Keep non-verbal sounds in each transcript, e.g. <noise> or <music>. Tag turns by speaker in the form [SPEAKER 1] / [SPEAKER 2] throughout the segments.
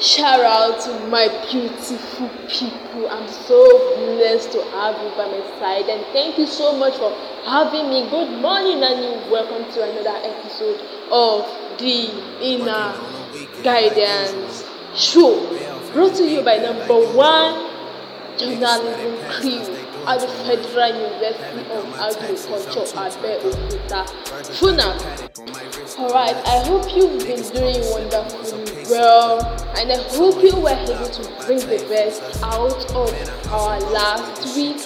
[SPEAKER 1] Shout out to my beautiful people. I'm so blessed to have you by my side, and thank you so much for having me. Good morning, and welcome to another episode of the Inner Guidance Show, brought to you by number one journalism crew at the Federal University of Agriculture at Beokuta, Funa. Alright, I hope you've been doing wonderful well and I hope you were able to bring the best out of our last week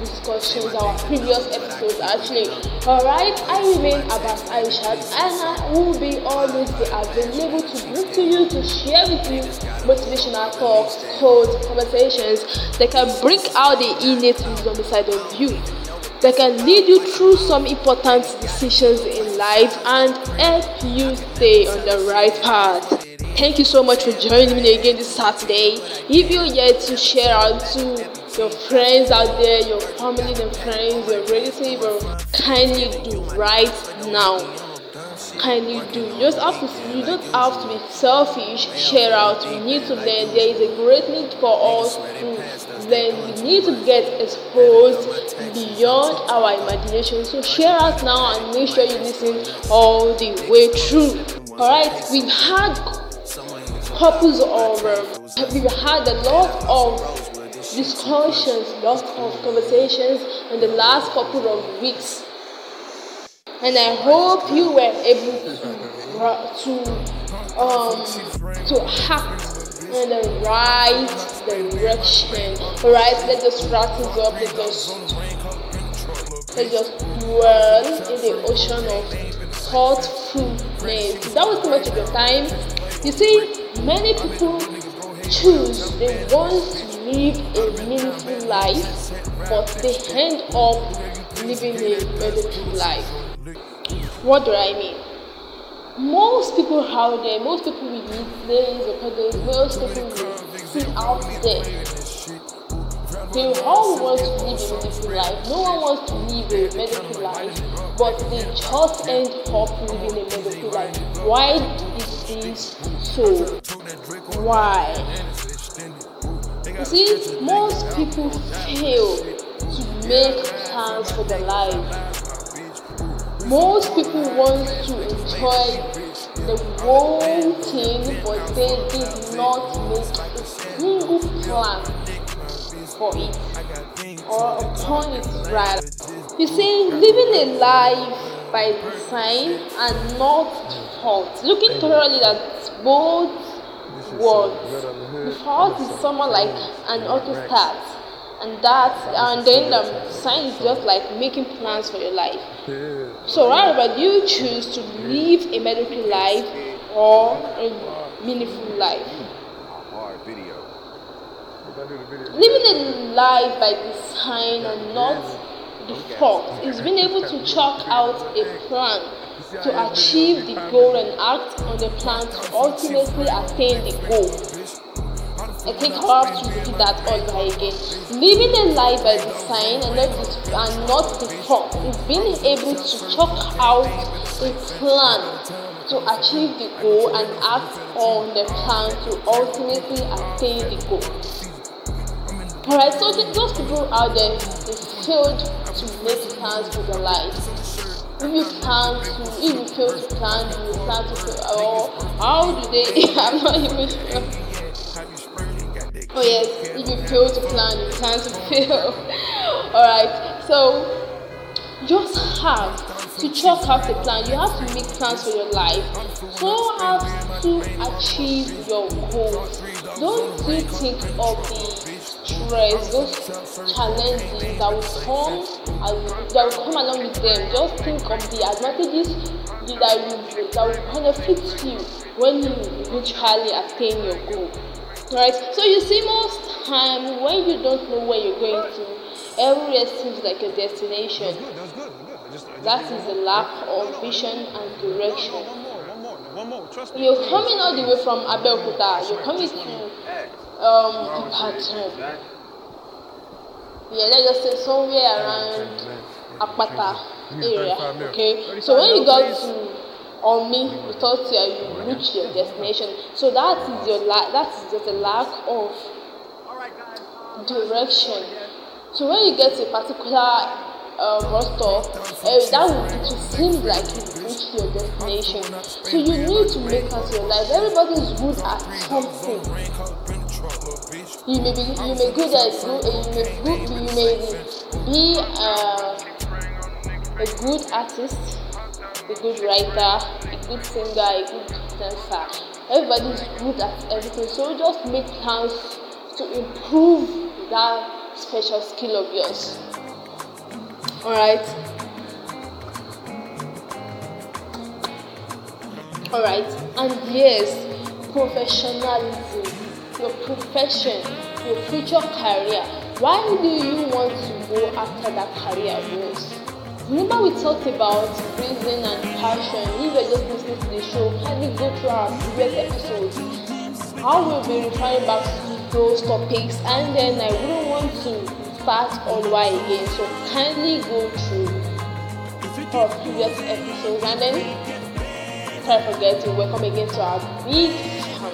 [SPEAKER 1] discussions, our previous episodes actually. Alright, I remain Abbas Aishat and I will be always be available to bring to you to share with you motivational talks, quotes, conversations that can bring out the innate wisdom inside of you that can lead you through some important decisions in life and help you stay on the right path. Thank you so much for joining me again this Saturday. If you're yet to share out to your friends out there, your family and friends, your relatives, can you do right now? Can you do? You just have to. You don't have to be selfish. Share out. We need to learn. There is a great need for us to learn. We need to get exposed beyond our imagination. So share out now and make sure you listen all the way through. All right. We've had couples or um, we've had a lot of discussions, lot of conversations in the last couple of weeks. And I hope you were able to to um, to act in the right direction. Alright, let us wrap this up. Let us let us dwell in the ocean of thoughtfulness. That was too much of your time. You see Many people choose, they want to live a meaningful life, but they end up living a meaningful life. What do I mean? Most people out there, most people with days or days, most people will sit out there they all want to live a medical life. No one wants to live a medical life, but they just end up living a medical life. Why is this so? Why? You see, most people fail to make plans for their life. Most people want to enjoy the whole thing, but they did not make a single plan for it or You see, living a life by design and not thought, Looking thoroughly at both words. Default is somewhat like an auto start. And that, and then the sign is just like making plans for your life. So, rather, you choose to live a medical life or a meaningful life? Living a life by design and not default is being able to chalk out a plan to achieve the goal and act on the plan to ultimately attain the goal. I think I'll have to repeat that all over again. Living a life by design and not, and not default is being able to chalk out a plan to achieve the goal and act on the plan to ultimately attain the goal. Alright, so the, those people out there, they failed to make plans for their lives. If you plan to, if you fail to plan, you plan to fail. Or how do they? <laughs> I'm not even sure. Oh yes, if you fail to plan, you plan to <laughs> fail. Alright, so just have to chalk out the plan. You have to make plans for your life. So have to achieve your goals. Don't do think of the Right, those challenges that will come and that will come along with them. Just think of the advantages that will that will benefit you when you eventually attain your goal. Right. so you see most time when you don't know where you're going to, everywhere seems like a destination. That's a lack of vision and direction. One more, a lack of vision and direction you're coming all the way from Abeokuta, you're coming to um, yeah, let's just say somewhere around Apata area. Okay. So when you got to on me thought you, you reach your destination. So that is your lack. that is just a lack of direction. So when you get to a particular uh, uh, that it will seem like you reached your destination. So you need to make out your life. Everybody's good at something. You may be, you may good at may good, may be a good artist, a good writer, a good singer, a good dancer. Everybody is good at everything, so just make plans to improve that special skill of yours. All right. All right, and yes, professionalism your profession, your future career. Why do you want to go after that career goals? Remember we talked about reason and passion. If you're just listening to the show, kindly go through our previous episodes. I will be referring back to those topics and then I wouldn't want to start all over again. So kindly go through our previous episodes and then try forget to welcome again to our big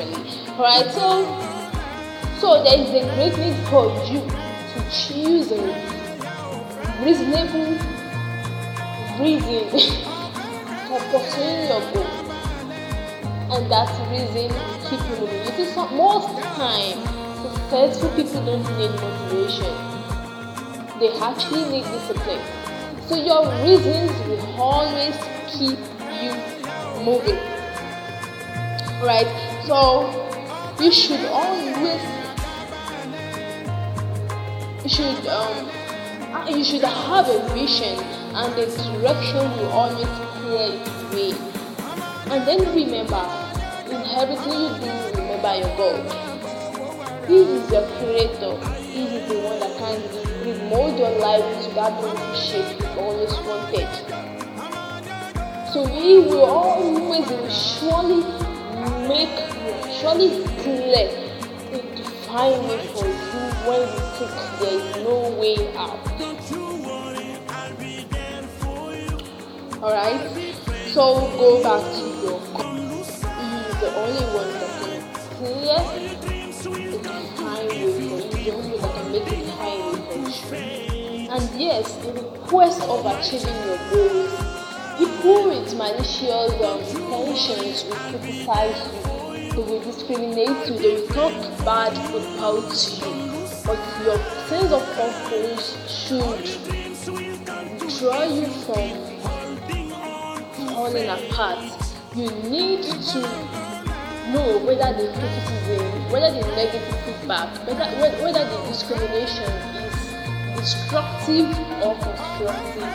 [SPEAKER 1] family. Alright, so so there is a great need for you to choose a reasonable reason for <laughs> pursuing your goal. And that reason keep you moving. It is most time successful people don't need motivation. They actually need discipline. So your reasons will always keep you moving. Right? So you should always you should um you should have a vision and a direction you always create way. And then remember, in everything you do, remember your God. He is your creator. He is the one that can remold your life into that beautiful shape you always wanted. So he will always, surely make actually clear it defined it for you when you think there's no way out all right so go back to your he is the only one that can clear a defined way for you the only one that can make it defined way for you and yes, in the quest of achieving your goals, people with malicious um, intentions will criticize you who will discriminate you, they will talk bad about you. But your sense of purpose should draw you from falling apart. You need to know whether the criticism, whether the negative feedback, whether, whether the discrimination is destructive or constructive.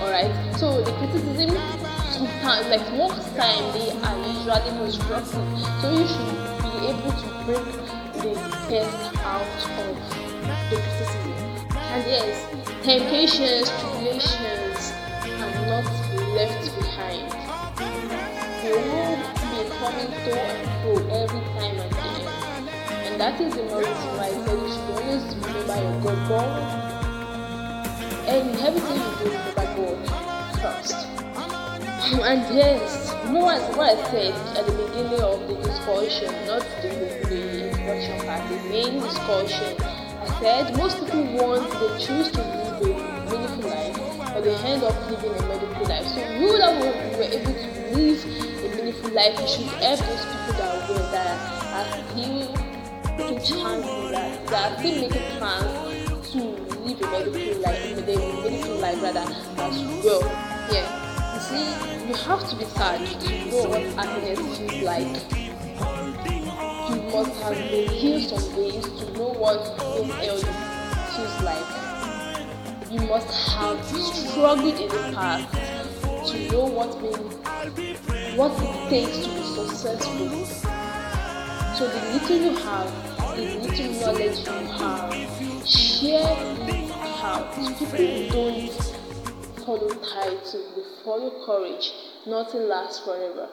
[SPEAKER 1] Alright, so the criticism two like most time they are usually constructive. So you should be able to break the best out of the criticism. And yes, temptations, tribulations are not left behind. They will be coming through and fro every time again. And that is the reason why I said you should always remember your God. God and everything you do, remember God first and yes, you what, I said at the beginning of the discussion, not the, the but the main discussion. I said most people want, they choose to live a meaningful life, but they end up living a meaningful life. So you that were, were able to live a meaningful life, you should help those people that will, that are still making plans, that, that are still making plans to live a meaningful life, a meaningful life rather, as well. Yeah see, you have to be sad to know what happiness feels like. You must have been healed some ways to know what home health feels like. You must have struggled in the past to know what being, what it takes to be successful. So the little you have, the little knowledge you have, share it out. People don't follow titles follow courage. Nothing lasts forever.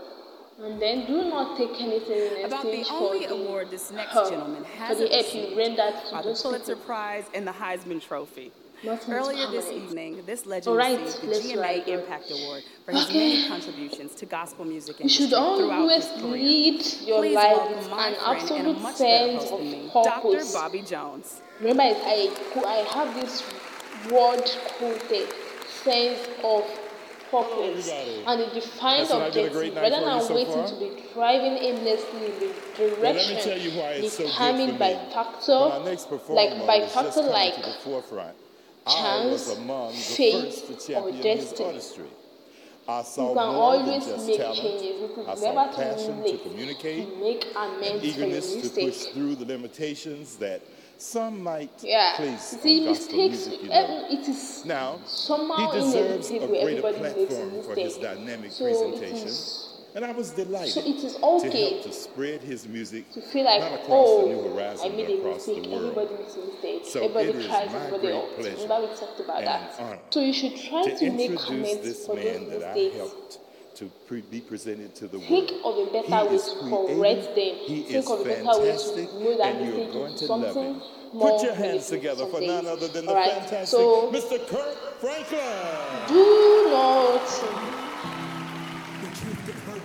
[SPEAKER 1] And then do not take anything in About the only award this next uh, gentleman has for the received are the Pulitzer people. Prize and the Heisman Trophy. Earlier this evening, this legend right, received the GMA right. Impact Award for his okay. many contributions to gospel music and should always lead your Please life with an absolute sense of me, purpose. Dr. Bobby Jones. Remember, I, I have this word quoted, sense of purpose and a defined objective rather than so waiting far? to be driving aimlessly in the direction determined so by factor, like by factor like chance, fate, or destiny. I saw you can always make changes. You could never too late. To communicate, make amends and eagerness for your to push through the limitations that some might yeah. place the mistakes. It is now somehow he deserves a greater platform for his dynamic so presentation. And I was delighted so it is okay to help to spread his music to feel like, not across oh, the New Horizon, I made a mistake. The world. Everybody makes a mistake. So everybody it is tries, my everybody great pleasure and we about that. So you should try to, to make comments this man that I helped to pre- be presented to the Think world. Think of a better he way to correct them. He Think of a better way to know that and you're going to love him. Put your hands together for none other than All the right. fantastic so, Mr. Kurt Franklin. Do not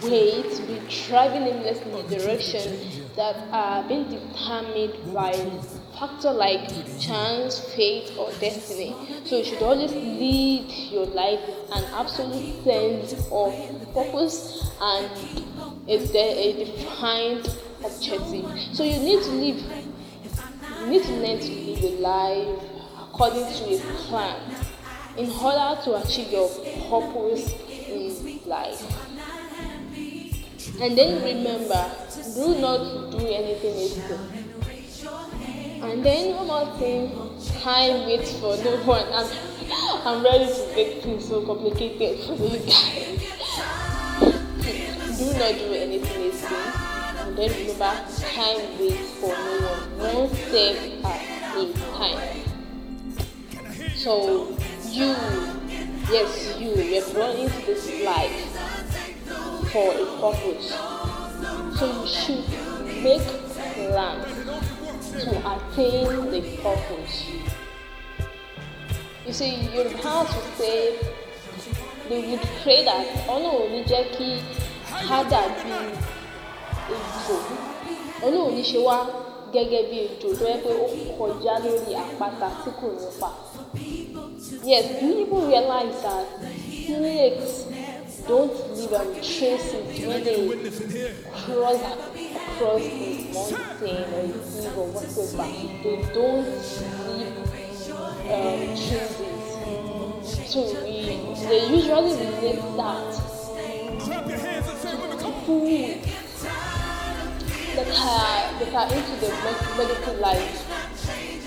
[SPEAKER 1] wait, be driving in the direction that are being determined by factor like chance, fate, or destiny. So you should always lead your life an absolute sense of purpose and is there a defined objective. So you need to live, you need to learn to live a life according to a plan in order to achieve your purpose in life. And then remember, do not do anything hasty. And then one more thing, time waits for no one. I'm, I'm ready to make things so complicated for you guys. do not do anything easy. And then remember, time waits for no one. One save at a time. So you, yes, you, you're born into this life for a purpose. So you should make plans to attain the purpose. You see, Yorùbá would say they would pray that Ọlọ́run ò ní jẹ́ kí ká dàbí ejò Ọlọ́run ò ní ṣe wá gẹ́gẹ́ bí ejò tó yẹ pé ó kọjá lórí àpáta tí kò ní pa. Yes, do you even realize that snakes don't live on traces when they cross across the Montenas, Igor, uma coisa lá. Tem 12 livros, um, chooses to read. They usually read that. People that are, that are into the medical life,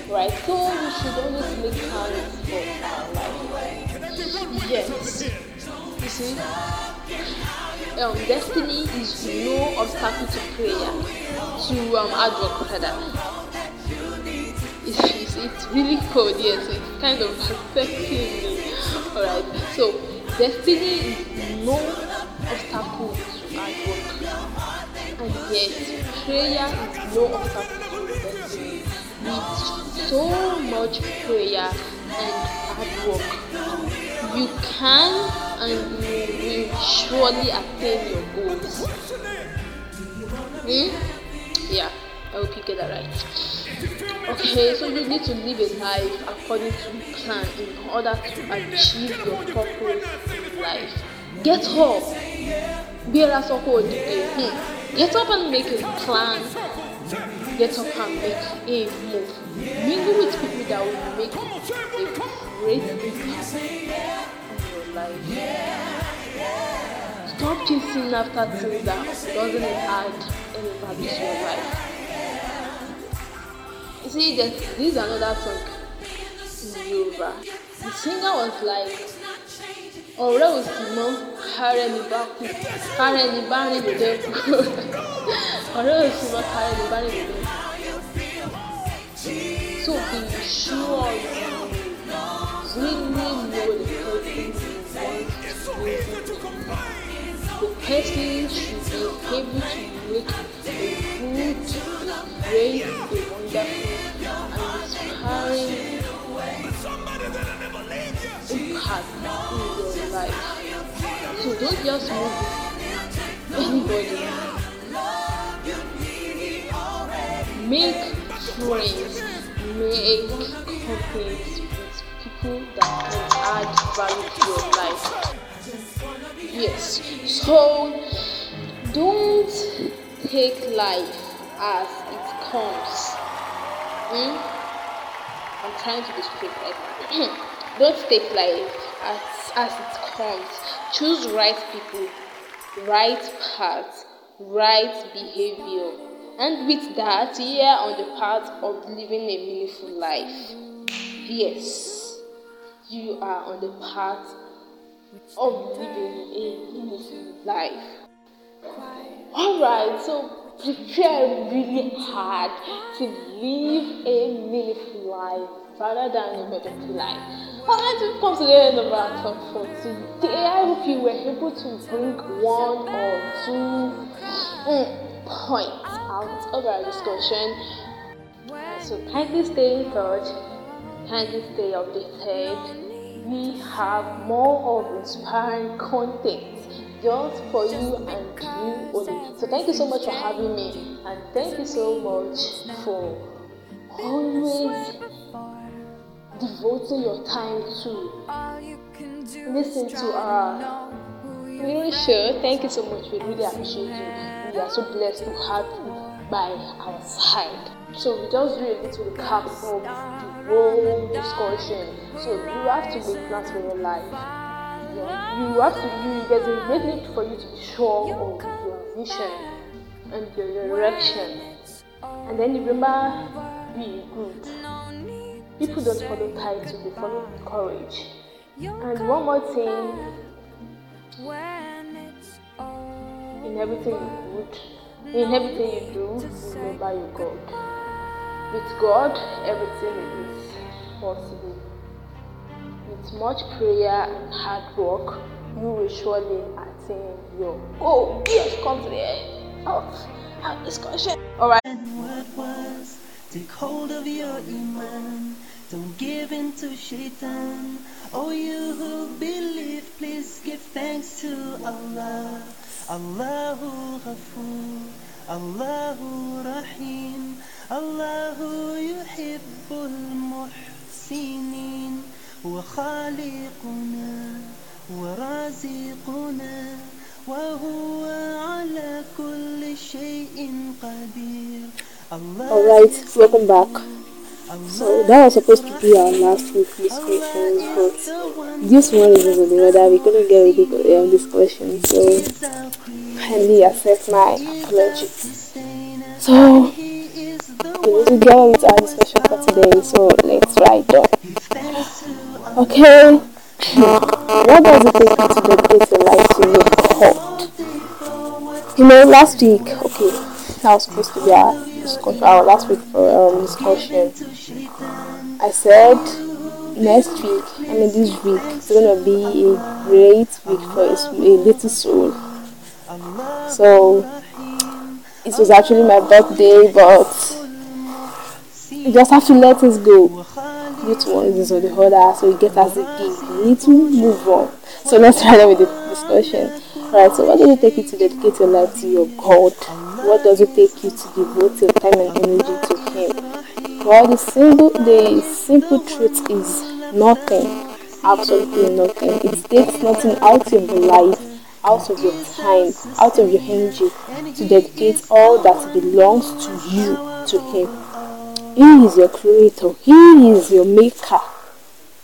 [SPEAKER 1] right? So we should always make plans for our life. Yes. You see? Um, destiny is to know talking to prayer, to um, hard work rather. It's, it's, it's really cold, yes, it's kind of affecting me. Alright, so destiny is no obstacle to hard work. And yet, prayer is no obstacle to destiny. With so much prayer and hard work, you can and you will surely attain your goals. Hmm? Yeah, I hope you get that right. Okay, so you need to live a life according to plan in order to achieve your purpose in life. Get up. Be a called Get up and make a plan get up and make a move. Mingle with people that will make a great impact in your life. Stop chasing after things that doesn't add any value to your life. You see, this is another song Yoruba. The singer was like, ọ̀rẹ́ ò sì mọ kárẹ́ ní bá kú kárẹ́ ní bá rìn lòdẹ kú <laughs> ọ̀rẹ́ ò sì mọ kárẹ́ ní bá rìn lòdẹ kú. So be sure you really know the person you want to be with. The person should be able to make a good, great, a wonderful, and inspiring impact in your life. So don't just move with anybody. Make friends, make companies with people that can add value to your life yes so don't take life as it comes hmm? i'm trying to be straight right <clears throat> don't take life as as it comes choose right people right path right behavior and with that you are on the path of living a meaningful life yes you are on the path which of reading in life. Alright, so prepare really hard to live a meaningful life rather than a medical life. Alright, we've come to the end of our talk for today. I hope you were able to bring one or two mm, points out of our discussion. So kindly stay in touch, kindly stay updated we have more of inspiring content just for you and you only. So thank you so much for having me and thank you so much for always devoting your time to listen to our really show. Thank you so much. We really appreciate you. We are so blessed to have you by our side. So we just do a little recap of the whole discussion so you have to make plans for your life. You have to. You, there's a great need for you to be sure of your vision and your direction. And then remember, be good. People don't follow titles; they follow courage. And one more thing. In everything you do, in everything you do, remember your God. With God, everything is possible. With much prayer and hard work, you will surely attain your goal. Yes, come to the end of our discussion. All right. And what was, take hold of your iman. Don't give in to shaitan. Oh, you who believe, please give thanks to Allah. Allahu Ghafoor, Allahu Rahim, Allahu Yuhibbul Muhsinin. وخالقنا ورازقنا وهو على كل شيء قدير Alright, welcome back. So that was supposed to be our last week discussion, but this one is over the other. We couldn't get rid of um, this question, so kindly accept my apology. So the girls are the special for today, so let's write down. Okay, what does it take to dedicate your life to your heart? You know, last week, okay, I was supposed to be our discussion, our last week um, discussion. I said next week, I mean this week, it's gonna be a great week for a, a little soul. So it was actually my birthday, but you just have to let it go. This one is on the other, so you get as a gift. You need to move on. So let's try that with the discussion. Alright, so what does it take you to dedicate your life to your God? What does it take you to devote your time and energy to Him? Well, the simple, the simple truth is nothing, absolutely nothing. It takes nothing out of your life, out of your time, out of your energy to dedicate all that belongs to you to Him. He is your creator. He is your maker.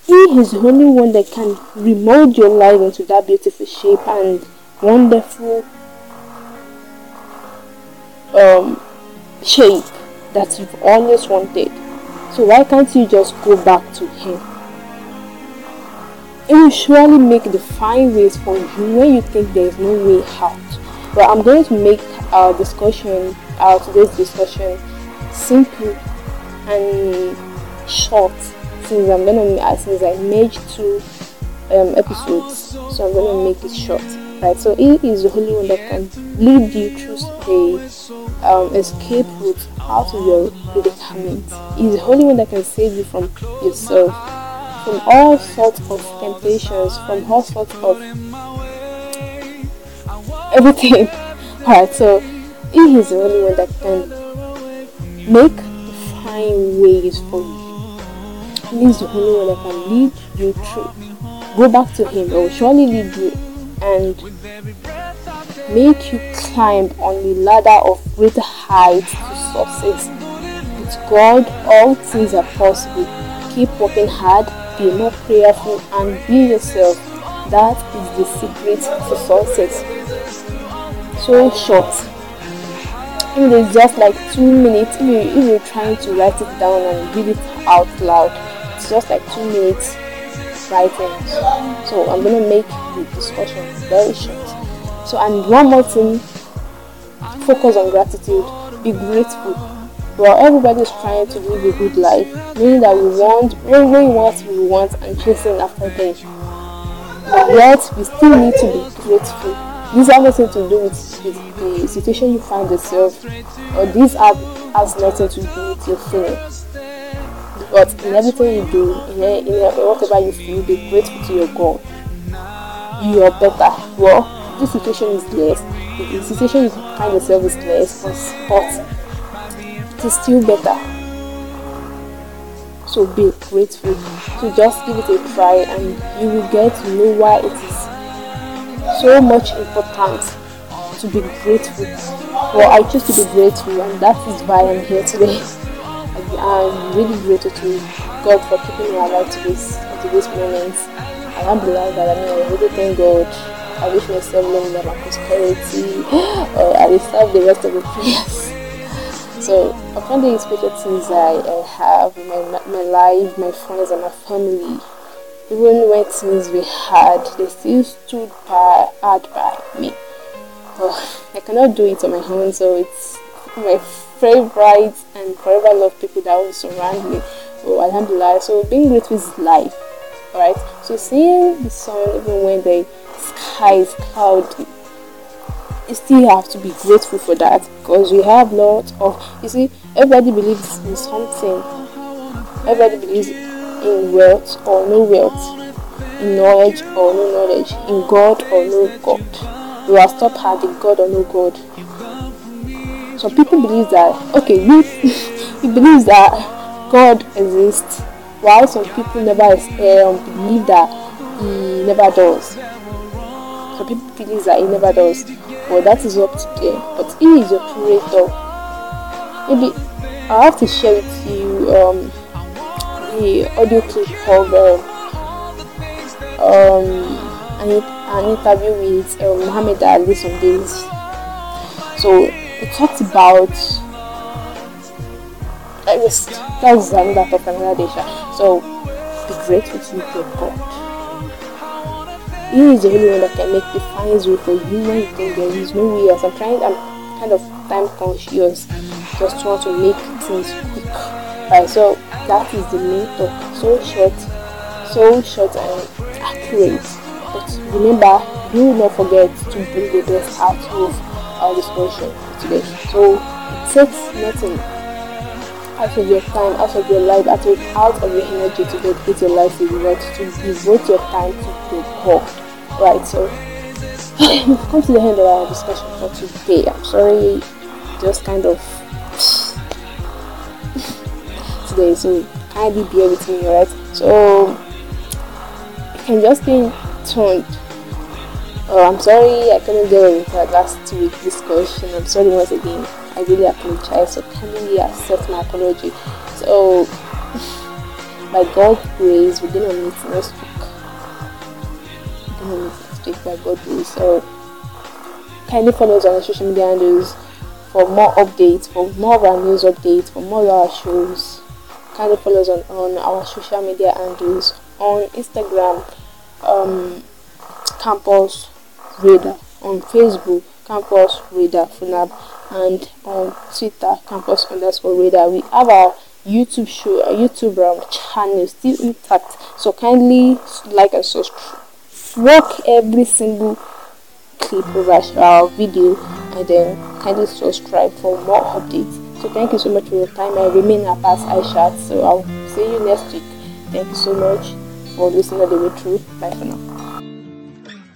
[SPEAKER 1] He is the only one that can remold your life into that beautiful shape and wonderful um, shape that you've always wanted. So why can't you just go back to him? It will surely make the fine ways for you when you think there is no way out. But I'm going to make our discussion, our today's discussion, simple and short since I'm gonna since I made two um, episodes, so I'm gonna make it short. Right, so He is the Holy One that can lead you through the um, escape route out of your predicament. He's the Holy One that can save you from yourself, from all sorts of temptations, from all sorts of everything. <laughs> Alright, so He is the only one that can make divine way is for you. He is the only one that can lead you through. Go back to Him, He will surely lead you and make you climb on the ladder of greater heights to success. With God, all things are possible. Keep working hard, be more prayerful, and be yourself. That is the secret to success. So short it is just like two minutes if, you, if you're trying to write it down and read it out loud. It's just like two minutes writing. So I'm gonna make the discussion very short. So and one more thing, focus on gratitude. Be grateful. Well, everybody is trying to live a good life, meaning that we want, when what we want, and chasing after things, Yet we still need to be grateful this has nothing to do with the, situation you find yourself, or this app has nothing to do with your feeling. But in everything you do, in, in, whatever you feel, be grateful to your God. You are better. Well, this situation is less. The situation you find yourself is less, but it is still better so be grateful so just give it a try and you will get to know why it is so much importance to be grateful. Well, I choose to be grateful, and that is why I'm here today. I'm really grateful to God for keeping me alive to this to this moment. I am blessed. that. I mean, I really thank God. I wish myself long life and prosperity. Uh, <gasps> I deserve the rest of the prayers. <laughs> So, upon the expectations I, I have, my, my life, my friends, and my family, even when things were hard, they still stood by, hard by me. Oh, I cannot do it on my own, so it's my favorite and forever love people that will surround me. Oh, alhamdulillah. So being grateful is life, right? So seeing the sun even when the sky is cloudy, you still have to be grateful for that because we have lots of. You see, everybody believes in something. Everybody believes in wealth or no wealth, in knowledge or no knowledge, in God or no God. You are stopped having God or no God. Some people believe that okay, we he <laughs> believe that God exists, while some people never um, believe that He never does. Some people believe that He never does. Well, that is up to them, but He is your creator. Maybe I have to share with you um, the audio clip of uh, um, an, an, interview with uh, um, Muhammad Ali some days. So it talked about. I was that was another topic another So be grateful to your God. He is the only one that can make the fines with for you when there is no way else. I'm trying. I'm kind of time conscious. Just want to make things quick by so that is the main talk so short so short and accurate but remember do not forget to bring the best out of our discussion today so takes nothing out of your time, out of your life, out of, out of your energy to dedicate your life to the to devote your time to the God. Right, so <sighs> we've come to the end of our discussion for today. I'm sorry, just kind of there is so hardly bear with me, alright? So I'm just being tuned. Oh, I'm sorry I couldn't get with that last week discussion. I'm sorry once again. I really apologize. So kindly accept my apology. So by God's grace, we're gonna meet next week. We're gonna meet next week by God's grace. So kindly follow us on our social media handles for more updates, for more of our news updates, for more of our shows kindly follow us on, on our social media handles on Instagram, um, Campus Reader, on Facebook, Campus Reader Funab, and on Twitter, Campus underscore We have our YouTube show, our YouTube um, channel still intact, so kindly like and subscribe. every single clip of our video and then kindly subscribe for more updates. So thank you so much for your time. I remain at Pass Aishat. So I'll see you next week. Thank you so much for listening all the way through. Bye for now.